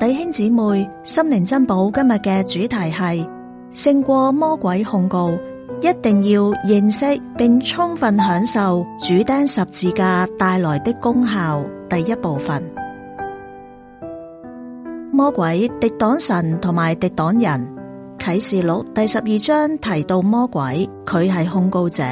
弟兄姊妹，心靈珍寶，今日嘅主題係勝過魔鬼控告，一定要認識並充分享受主釘十字架帶來的功效。第一部分，魔鬼敵黨神同埋敵黨人，啓示錄第十二章提到魔鬼，佢係控告者，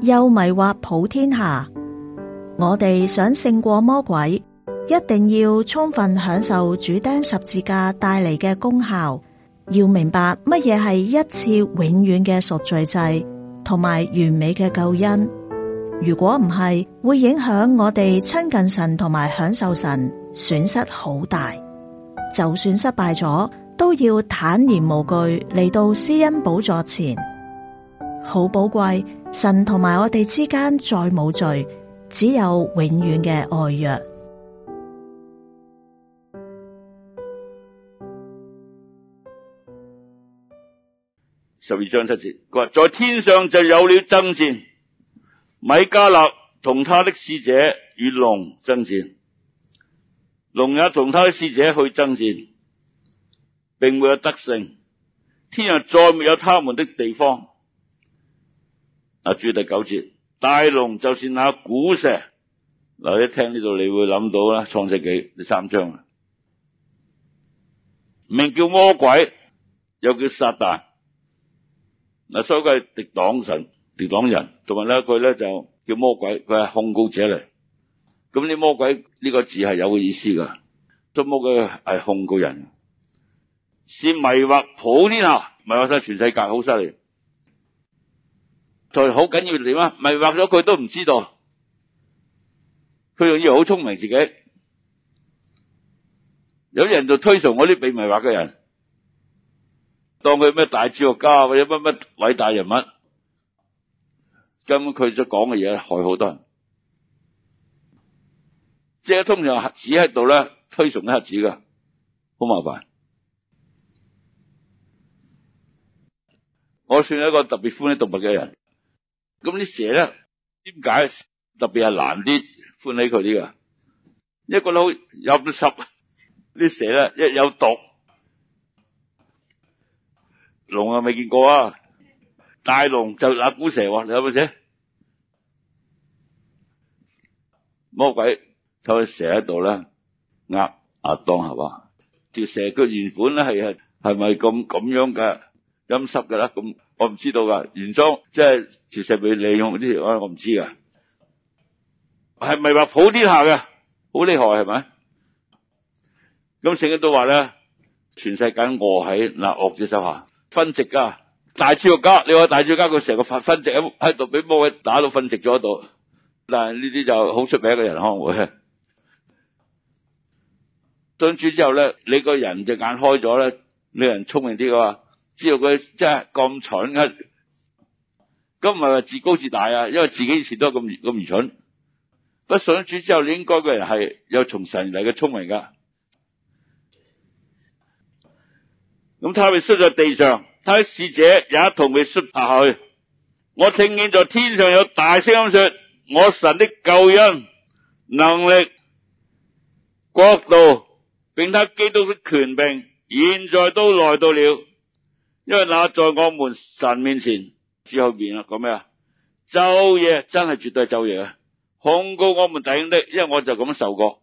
又迷惑普天下。我哋想勝過魔鬼。一定要充分享受主釘十字架帶嚟嘅功效，要明白乜嘢係一次永遠嘅贖罪祭同埋完美嘅救恩。如果唔係，會影響我哋親近神同埋享受神，損失好大。就算失敗咗，都要坦然無懼嚟到施恩寶座前。好寶貴，神同埋我哋之間再冇罪，只有永遠嘅愛約。十二章七節，佢話，在天上就有了爭戰，米迦勒同他的使者與龍爭戰，龍也同他的使者去爭戰，並沒有得勝，天上再沒有他們的地方。啊，注意第九節，大龍就是那古蛇，嗱，一聽呢度你會諗到啦，《創世紀》第三章啊，名叫魔鬼，又叫撒旦。嗱，所以佢係敵黨神、敵黨人，同埋咧佢咧就叫魔鬼，佢係控告者嚟。咁呢魔鬼呢個字係有個意思噶，捉魔鬼係控告人，是迷惑普天下、迷惑晒全世界，好犀利。就係好緊要點啊？迷惑咗佢都唔知道，佢仲要好聰明自己。有啲人就推崇我啲被迷惑嘅人。當佢咩大哲學家或者乜乜偉大人物，咁佢所講嘅嘢害好多人，即係通常核子喺度咧推崇啲核子噶，好麻煩。我算係一個特別歡喜動物嘅人，咁啲蛇咧點解特別係難啲歡喜佢啲噶？一個咧好陰濕，啲蛇咧一有毒。龍又未見過啊！大龍就那古蛇，你有冇寫？魔鬼睇下蛇喺度咧，呃、亞當係嘛？條蛇嘅原本咧係係咪咁咁樣嘅陰濕嘅咧？咁我唔知道噶，原裝即係其實，被利用呢條啊，我唔知噶。係咪話普天下嘅好厲害係咪？咁成日都話咧，全世界臥喺嗱惡者手下。分值啊，大超家，你話大超家佢成個發分值喺喺度俾魔鬼打到分值咗喺度，但係呢啲就好出名嘅人可能會。信主之後咧，你個人隻眼開咗咧，你個人聰明啲嘅話，知道佢真係咁蠢嘅，咁唔係話自高自大啊，因為自己以前都咁咁愚蠢。不信主之後，你應該個人係有從神嚟嘅聰明噶。咁他被摔在地上，他的使者也同佢摔下去。我聽見在天上有大聲咁說：我神的救恩、能力、國度，並他基督的權柄，現在都來到了。因為那在我們神面前，之後邊啊，講咩啊？晝夜真係絕對係晝夜啊！控告我們頂的，因為我就咁受過，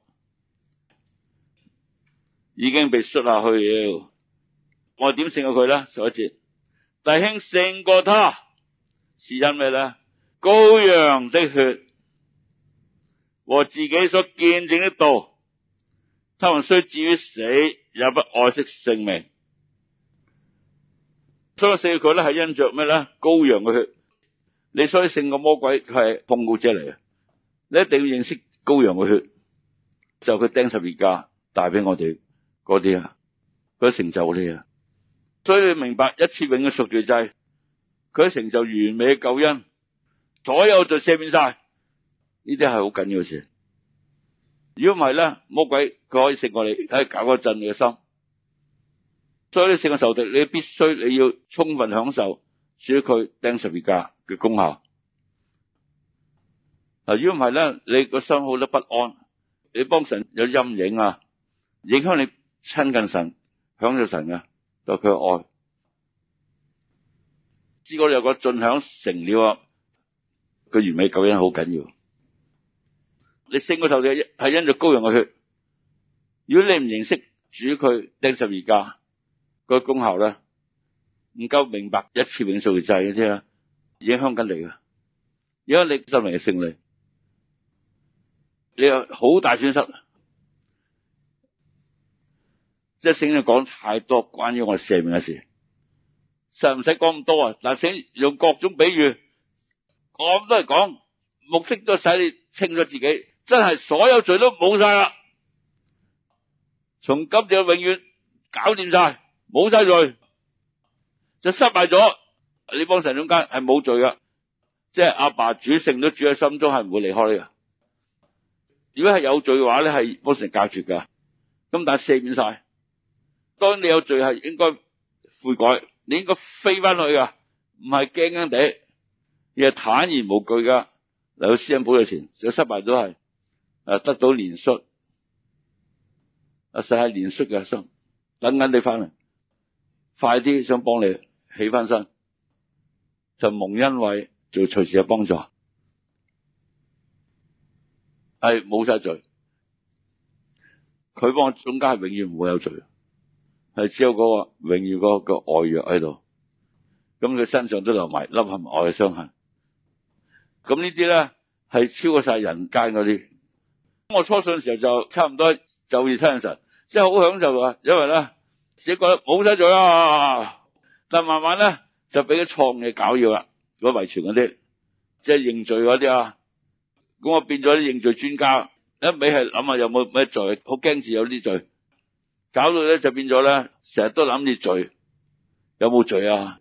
已經被摔下去了。我點勝過佢咧？一節弟兄勝過他，是因咩咧？羔羊的血和自己所見證的道，他們雖至於死，也不愛惜性命。所以勝過佢咧係因着咩咧？羔羊嘅血，你所以勝過魔鬼，佢係控告者嚟啊！你一定要認識羔羊嘅血，就佢釘十字架帶俾我哋嗰啲啊，佢啲成就呢。啊！所以你明白一次永嘅贖罪祭，佢成就完美嘅救恩，所有就赦免晒。呢啲係好緊要嘅事。如果唔係咧，魔鬼佢可以勝過你，喺搞嗰陣你嘅心。所以你勝過仇敵，你必須你要充分享受主佢釘十字架嘅功效。如果唔係咧，你個心好得不安，你幫神有陰影啊，影響你親近神、享受神啊。就佢愛，知我有個盡享成了。啊！個完美救恩好緊要，你勝個頭仔係因着羔羊嘅血。如果你唔認識主，佢釘十字架，那個功效咧，唔夠明白一次永受制嘅啫，影響緊你啊！如果你受命嘅勝利，你有好大損失。一聲都講太多關於我赦免嘅事，使唔使講咁多啊？嗱，使用各種比喻咁多嚟講，目的都使你清楚自己，真係所有罪都冇晒啦。從今朝永遠搞掂晒，冇晒罪就失敗咗。你幫神中間係冇罪噶，即係阿爸主聖都主喺心中，係唔會離開你噶。如果係有罪嘅話咧，係幫神隔絕噶。咁但係赦免晒。當你有罪係應該悔改，你應該飛翻去噶，唔係驚驚地，而係坦然無懼噶。嚟到施恩嘅寶座前，有失敗都係誒，得到憐恤，阿實係憐恤嘅心，等緊你翻嚟，快啲想幫你起翻身，就蒙恩惠做隨時嘅幫助，係冇晒罪，佢幫我中間係永遠唔會有罪。係只有嗰、嗰個永遠嗰個外藥喺度，咁佢身上都留埋粒粒外嘅傷痕。咁呢啲咧係超過晒人間嗰啲。咁我初信嘅時候就差唔多就義聽神，即係好享受啊！因為咧自己覺得冇得罪啊，但慢慢咧就俾啲創嘅搞要啦，果遺傳嗰啲即係認罪嗰啲啊。咁我變咗啲認罪專家，一味係諗下有冇咩罪，好驚住有啲罪。搞到咧就變咗咧，成日都諗住罪有冇罪啊？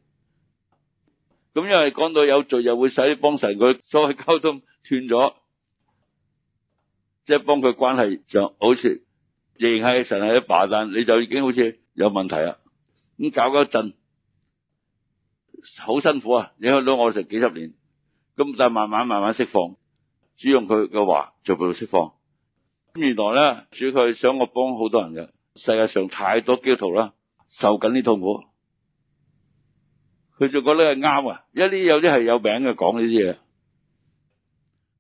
咁因為講到有罪，又會使幫神佢所謂交通斷咗，即係幫佢關係就好似仍係神係一爸，但你就已經好似有問題啦。咁搞咗一陣，好辛苦啊！影響到我成幾十年。咁但係慢慢慢慢釋放，主用佢嘅話做佢釋放。咁原來咧，主佢想我幫好多人嘅。世界上太多基督徒啦，受緊呢痛苦，佢就覺得係啱啊！因為有啲係有名嘅，講呢啲嘢，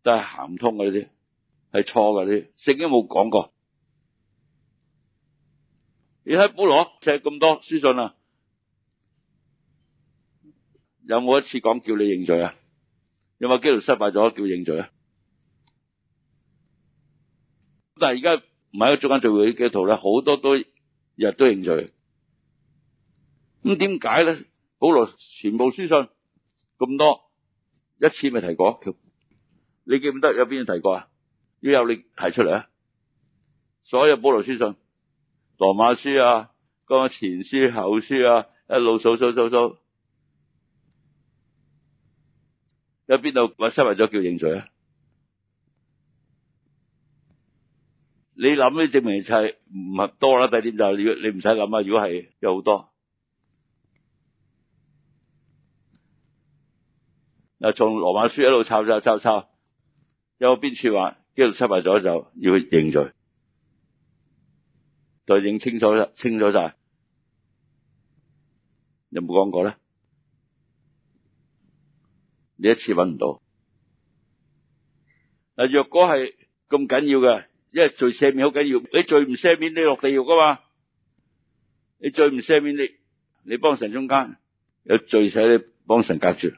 但係行唔通啲，係錯嘅啲，聖經冇講過。你睇保羅寫咁、就是、多書信啊，有冇一次講叫你認罪啊？有冇基督徒失敗咗叫認罪啊？但係而家。唔係喺中間聚會嘅圖咧，好多都日都認罪。咁點解咧？保羅全部書信咁多一次未提過，你記唔得有邊度提過啊？要有你提出嚟啊！所有保羅書信、羅馬書啊、個前書、後書啊，一路數數數數，有邊度話失為咗叫認罪啊？你諗都證明就係唔係多啦，第二點就係你你唔使諗啊。如果係有好多，嗱從羅馬書一路抄抄抄抄，有邊處話基督徒出賣咗就要認罪，再認清楚咗，清咗晒，有冇講過咧？你一次搵唔到嗱，若果係咁緊要嘅。因為罪赦免好緊要，你罪唔赦免你落地獄噶嘛？你罪唔赦免你，你幫神中間有罪死你幫神隔住。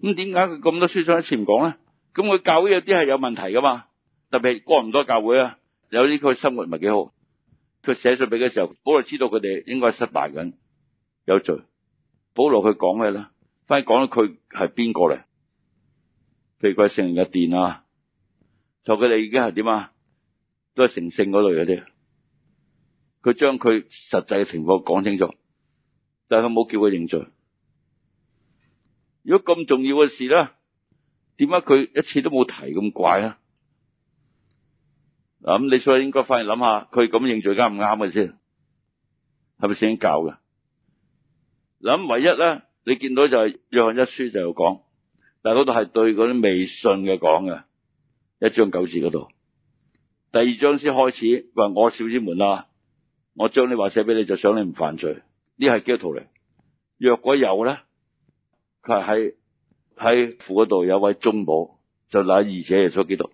咁點解佢咁多書信一次唔講咧？咁佢教會有啲係有問題噶嘛？特別過過唔多教會啊，有啲佢生活唔係幾好。佢寫信俾嘅時候，保羅知道佢哋應該係失敗緊，有罪。保羅佢講咩咧？反而講到佢係邊個嚟，譬如聖靈嘅殿啊！佢哋而家係點啊？都係成聖嗰類嗰啲，佢將佢實際嘅情況講清楚，但係佢冇叫佢認罪。如果咁重要嘅事咧，點解佢一次都冇提咁怪啊？嗱，咁你所以應該返去諗下，佢咁認罪啱唔啱嘅先，係咪先教嘅？諗唯一咧，你見到就係約翰一書就有講，但係嗰度係對嗰啲未信嘅講嘅。一章九字嗰度，第二章先開始，話我小子們啦，我將你話寫俾你，就想你唔犯罪，呢係基督徒嚟。若果有咧，佢係喺父嗰度有位中保，就拿義者耶穌基督。